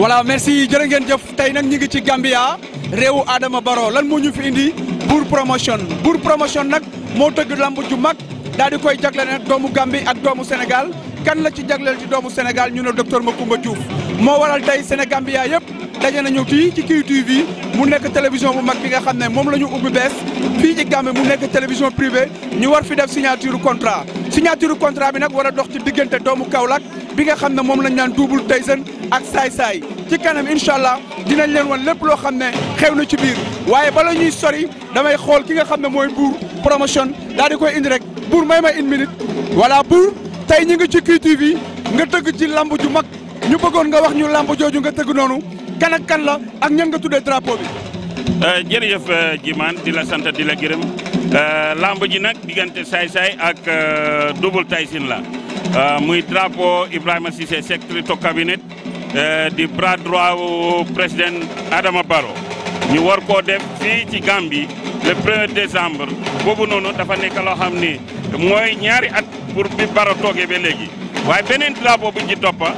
voilà merci jërë ngeen jëf tey nag ñu ngi ci Gambia réewu aadama Barrow lan moo ñu fi indi Buur Promotion Buur Promotion nag moo tëgg làmb ju mag daal di koy jagleel nag doomu Gambie ak doomu Sénégal kan la ci jagleel ci doomu Sénégal ñu ne docteur Macoumba Diouf moo waral tey Sénégambia yëpp. daje nañu fii ci bi mu nekk télévision bu mag bi nga xam ne moom la ñu ubbi bees fii ci Gambie mu nekk télévision privée ñu war fi def signature contrat signature contrat bi nag war a dox ci diggante doomu Kaolack bi nga xam ne moom lañ naan Double Tyson ak Saay Saay ci kanam incha allah dinañ leen wan lépp loo xam ne xew na ci biir waaye bala ñuy sori damay xool ki nga xam ne mooy Buur promotion daal di koy indi rek Buur may may une minute voilà Buur tey ñi ngi ci bi nga tëgg ci lamb ju mag ñu bëggoon nga wax ñu lamb jooju nga tëgg noonu kan kan la ak ñan nga tuddee drapeau bi. Eh, jërëjëf jimaan eh, di la sant di la gërëm eh, lamb ji nak diggante say say ak double taisin la muy drapeau Ibrahima Cissé secrétaire to cabinet di bras droit wu président Adama Barrow ñu war ko def fi ci Gambie le 1 décembre bobu nonu dafa nek lo xamni moy ñaari at pour bi Barrow togué be légui waye benen drapeau bu ci topa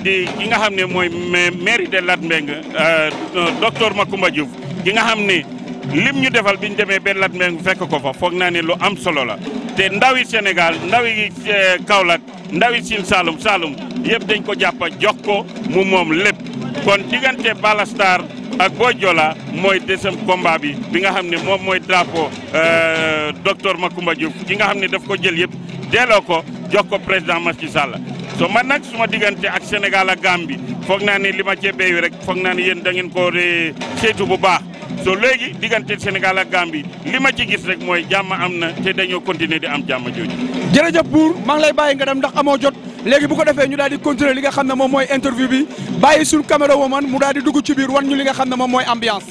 di ki nga xamne moy mooy mairie de euh docteur Makumba Diouf gi nga xamni lim ñu defal biñu démé ben lat meng fekk ko fa fokk na ni lu am solo la té ndawi Sénégal ndawi eh, kaolak ndawi sin salum salum yépp dañ ko japp jox ko mu mom lepp kon digënté Balastar ak Boy Jola mooy deuxième combat bi bi nga xamni mom moy mooy euh docteur makumba Diouf ki nga xamni daf ko jël yépp délo ko jox ko président Macky Sall so man nak suma digënté ak Sénégal ak Gambie foog na ni lima ci béyu rek foog na ni yeen da ngeen ko eh, sétu bu baax so léegi diggante Sénégal ak Gambie li ma ci gis rek mooy jàmm am na te dañoo continuer di am jàmma jooju. jërëjëf Bour maa ngi lay bàyyi nga dem ndax amoo jot léegi bu ko defee ñu daal di continuer li nga xam ne moom mooy interview bi bàyyi suñu caméra woman mu daal di dugg ci biir wan ñu li nga xam ne moom mooy ambiance.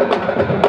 Thank you.